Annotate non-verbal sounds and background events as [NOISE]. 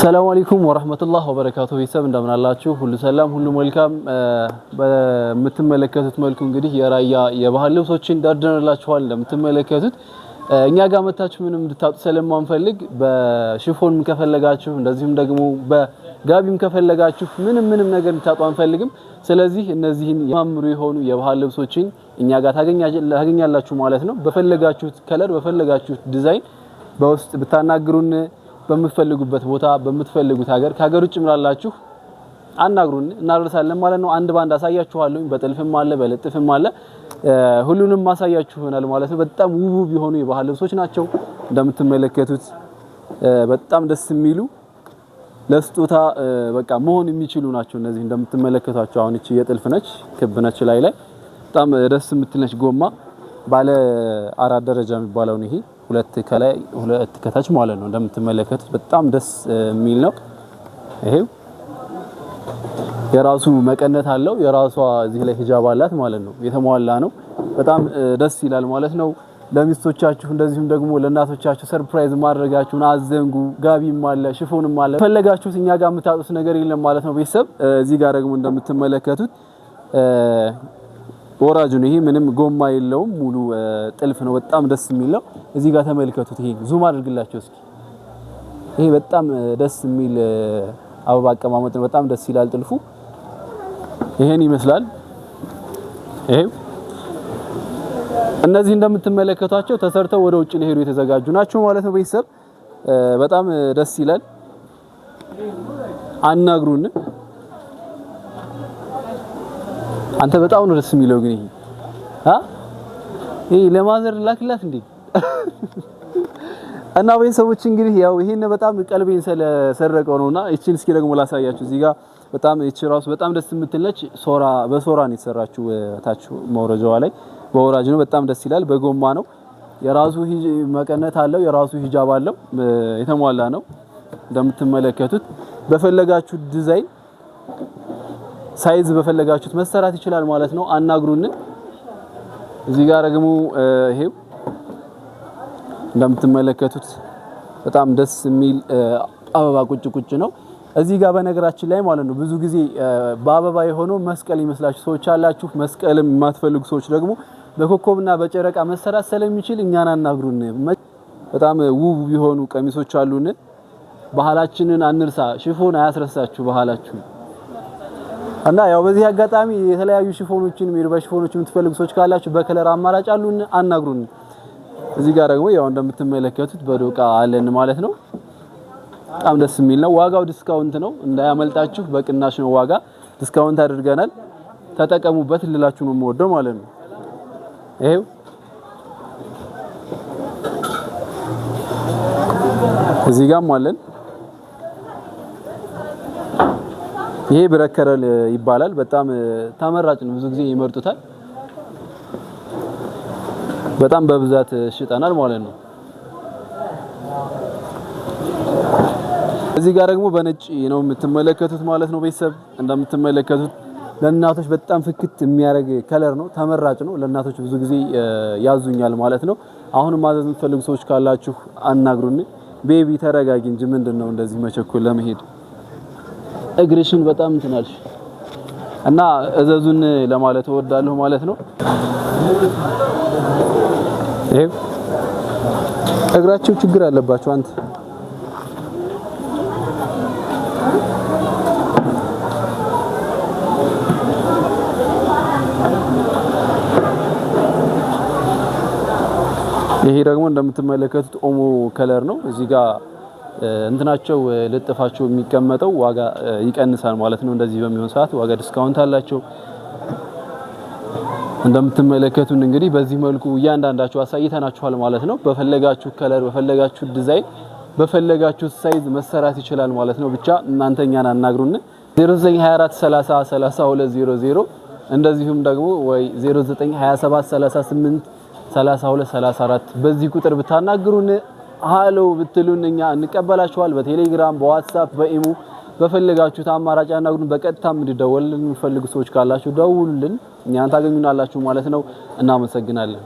ሰላም አለይኩም ወራህመቱላህ ወበረካቱ ቤተሰብ እንደምን አላችሁ? ሁሉ ሰላም፣ ሁሉ መልካም። በምትመለከቱት መልኩ እንግዲህ የራያ የባህል ልብሶችን ደርድረንላችኋል። እንደምትመለከቱት እኛ ጋር መታችሁ ምንም እንድታጡ ስለማንፈልግ በሽፎንም ከፈለጋችሁ እንደዚሁም ደግሞ በጋቢም ከፈለጋችሁ ምንም ምንም ነገር እንድታጡ አንፈልግም። ስለዚህ እነዚህን የማምሩ የሆኑ የባህል ልብሶችን እኛ ጋር ታገኛላችሁ ማለት ነው። በፈለጋችሁት ከለር፣ በፈለጋችሁት ዲዛይን በውስጥ ብታናግሩን በምትፈልጉበት ቦታ በምትፈልጉት ሀገር ከሀገር ውጭ ምላላችሁ አናግሩን፣ እናደርሳለን ማለት ነው። አንድ ባንድ አሳያችኋለሁ። በጥልፍም አለ በልጥፍም አለ ሁሉንም ማሳያችሁ ይሆናል ማለት ነው። በጣም ውብ ውብ የሆኑ የባህል ልብሶች ናቸው እንደምትመለከቱት በጣም ደስ የሚሉ ለስጦታ በቃ መሆን የሚችሉ ናቸው። እነዚህ እንደምትመለከቷቸው አሁን እቺ የጥልፍ ነች፣ ክብ ነች፣ ላይ ላይ በጣም ደስ የምትል ነች። ጎማ ባለ አራት ደረጃ የሚባለውን ይሄ ሁለት ከላይ ሁለት ከታች ማለት ነው። እንደምትመለከቱት በጣም ደስ የሚል ነው። ይሄው የራሱ መቀነት አለው። የራሷ እዚህ ላይ ሂጃብ አላት ማለት ነው። የተሟላ ነው። በጣም ደስ ይላል ማለት ነው። ለሚስቶቻችሁ እንደዚሁም ደግሞ ለእናቶቻችሁ ሰርፕራይዝ ማድረጋችሁን አዘንጉ። ጋቢም አለ፣ ሽፎንም አለ። ፈለጋችሁት እኛ ጋር የምታጡት ነገር የለም ማለት ነው። ቤተሰብ እዚህ ጋር ደግሞ እንደምትመለከቱት ወራጅ ነው። ይሄ ምንም ጎማ የለውም፣ ሙሉ ጥልፍ ነው። በጣም ደስ የሚል ነው። እዚህ ጋር ተመልከቱት። ይሄ ዙም አድርግላቸው እስኪ። ይሄ በጣም ደስ የሚል አበባ አቀማመጥ ነው። በጣም ደስ ይላል ጥልፉ። ይሄን ይመስላል። ይሄ እነዚህ እንደምትመለከቷቸው ተሰርተው ወደ ውጭ ሊሄዱ የተዘጋጁ ናቸው ማለት ነው። ቤተሰብ በጣም ደስ ይላል። አናግሩን አንተ በጣም ነው ደስ የሚለው ግን አ ይሄ ለማዘር ላክላት እንዴ [LAUGHS] እና ቤተሰቦች እንግዲህ ያው ይሄን በጣም ቀልቤን ስለሰረቀው ነውና እቺን እስኪ ደግሞ ላሳያችሁ። እዚህ ጋር በጣም እቺ ራሱ በጣም ደስ የምትለች ሶራ በሶራ ነው የተሰራችው። ታች መውረጃዋ ላይ በወራጅ ነው። በጣም ደስ ይላል። በጎማ ነው። የራሱ መቀነት አለው። የራሱ ሂጃብ አለው። የተሟላ ነው እንደምትመለከቱት በፈለጋችሁ ዲዛይን ሳይዝ በፈለጋችሁት መሰራት ይችላል ማለት ነው። አናግሩን። እዚህ ጋር ደግሞ ይሄው እንደምትመለከቱት በጣም ደስ የሚል አበባ ቁጭ ቁጭ ነው እዚህ ጋር በነገራችን ላይ ማለት ነው። ብዙ ጊዜ በአበባ የሆነው መስቀል ይመስላችሁ ሰዎች አላችሁ። መስቀልም የማትፈልጉ ሰዎች ደግሞ በኮከብና በጨረቃ መሰራት ስለሚችል እኛን አናግሩን። በጣም ውብ የሆኑ ቀሚሶች አሉን። ባህላችንን አንርሳ። ሽፎን አያስረሳችሁ ባህላችሁን። እና ያው በዚህ አጋጣሚ የተለያዩ ሽፎኖችን ሚርባ ሽፎኖችን የምትፈልጉ ሰዎች ካላችሁ በከለር አማራጭ አሉን፣ አናግሩን። እዚህ ጋር ደግሞ ያው እንደምትመለከቱት በዶቃ አለን ማለት ነው። በጣም ደስ የሚል ነው። ዋጋው ዲስካውንት ነው እንዳያመልጣችሁ፣ በቅናሽ ነው ዋጋ ዲስካውንት አድርገናል። ተጠቀሙበት ልላችሁ ነው የምወደው ማለት ነው። ይሄው እዚህ ጋርም አለን ይሄ ብረት ከረል ይባላል። በጣም ተመራጭ ነው። ብዙ ጊዜ ይመርጡታል። በጣም በብዛት ሽጠናል ማለት ነው። እዚህ ጋር ደግሞ በነጭ ነው የምትመለከቱት ማለት ነው። ቤተሰብ እንደምትመለከቱት ለእናቶች በጣም ፍክት የሚያደርግ ከለር ነው። ተመራጭ ነው። ለእናቶች ብዙ ጊዜ ያዙኛል ማለት ነው። አሁን ማዘዝ የምትፈልጉ ሰዎች ካላችሁ አናግሩን። ቤቢ ተረጋጊ እንጂ ምንድን ነው እንደዚህ መቸኮል ለመሄድ እግርሽን በጣም እንትን አልሽ እና እዘዙን ለማለት እወዳለሁ ማለት ነው። ይሄው እግራቸው ችግር አለባቸው። አንተ ይሄ ደግሞ እንደምትመለከቱት ኦሞ ከለር ነው እዚህ ጋር እንትናቸው ልጥፋቸው የሚቀመጠው ዋጋ ይቀንሳል ማለት ነው። እንደዚህ በሚሆን ሰዓት ዋጋ ዲስካውንት አላቸው። እንደምትመለከቱን እንግዲህ በዚህ መልኩ እያንዳንዳችሁ አሳይተናችኋል ማለት ነው። በፈለጋችሁ ከለር፣ በፈለጋችሁ ዲዛይን፣ በፈለጋችሁ ሳይዝ መሰራት ይችላል ማለት ነው። ብቻ እናንተኛን አናግሩን 0924303200 እንደዚሁም ደግሞ ወይ 0927383234 በዚህ ቁጥር ብታናግሩን ሀሎ ብትሉን እኛ እንቀበላችኋል። በቴሌግራም በዋትሳፕ በኢሙ በፈለጋችሁት አማራጭ ያናግሩን። በቀጥታ እንድደወልን የሚፈልጉ ሰዎች ካላችሁ ደውሉልን፣ እኛን ታገኙናላችሁ ማለት ነው። እናመሰግናለን።